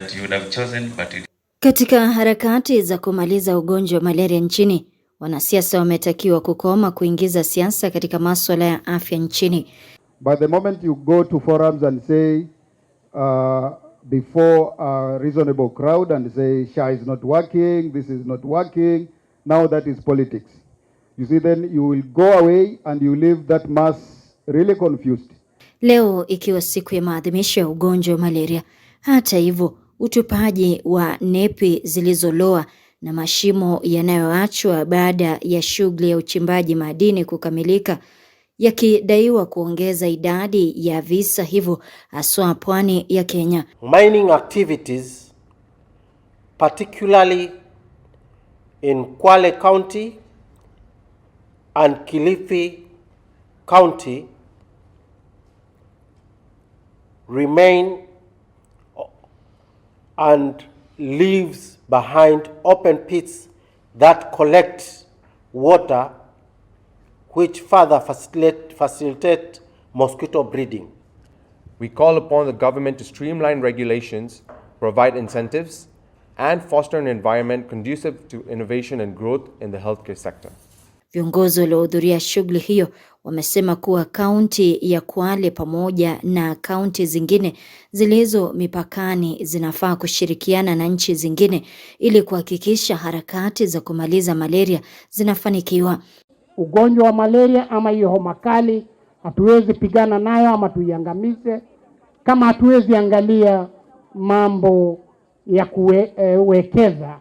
That you would have chosen, but it... Katika harakati za kumaliza ugonjwa wa malaria nchini, wanasiasa wametakiwa kukoma kuingiza siasa katika masuala ya afya nchini. the moment you go to forums and say uh, before a reasonable crowd and say SHA is not working, this is not working, now that is politics. You see then you will go away and you leave that mass really confused. Leo ikiwa siku ya maadhimisho ya ugonjwa wa malaria, hata hivyo utupaji wa nepi zilizoloa na mashimo yanayoachwa baada ya shughuli ya uchimbaji madini kukamilika yakidaiwa kuongeza idadi ya visa hivyo haswa pwani ya Kenya. Mining activities particularly in Kwale County and Kilifi County remain and leaves behind open pits that collect water which further facilitate, facilitate mosquito breeding. We call upon the government to streamline regulations, provide incentives, and foster an environment conducive to innovation and growth in the healthcare sector. Viongozi waliohudhuria shughuli hiyo wamesema kuwa kaunti ya Kwale pamoja na kaunti zingine zilizo mipakani zinafaa kushirikiana na nchi zingine ili kuhakikisha harakati za kumaliza malaria zinafanikiwa. Ugonjwa wa malaria ama hiyo homa kali hatuwezi pigana nayo ama tuiangamize kama hatuwezi angalia mambo ya kuwekeza eh,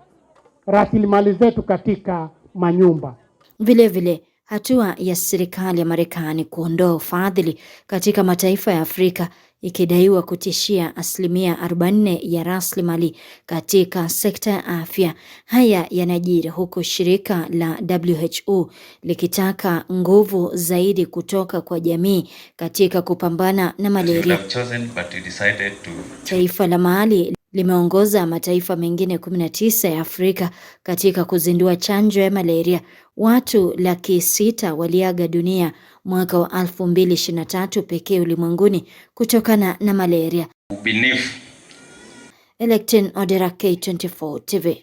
rasilimali zetu katika manyumba. Vilevile, hatua ya serikali ya Marekani kuondoa ufadhili katika mataifa ya Afrika ikidaiwa kutishia asilimia 40 ya rasilimali katika sekta ya afya. Haya yanajiri huku shirika la WHO likitaka nguvu zaidi kutoka kwa jamii katika kupambana na malaria. Taifa la Mali limeongoza mataifa mengine 19 ya Afrika katika kuzindua chanjo ya malaria. Watu laki sita waliaga dunia mwaka wa 2023 pekee ulimwenguni kutokana na malaria. Ubinifu. Electin Odera K24 TV.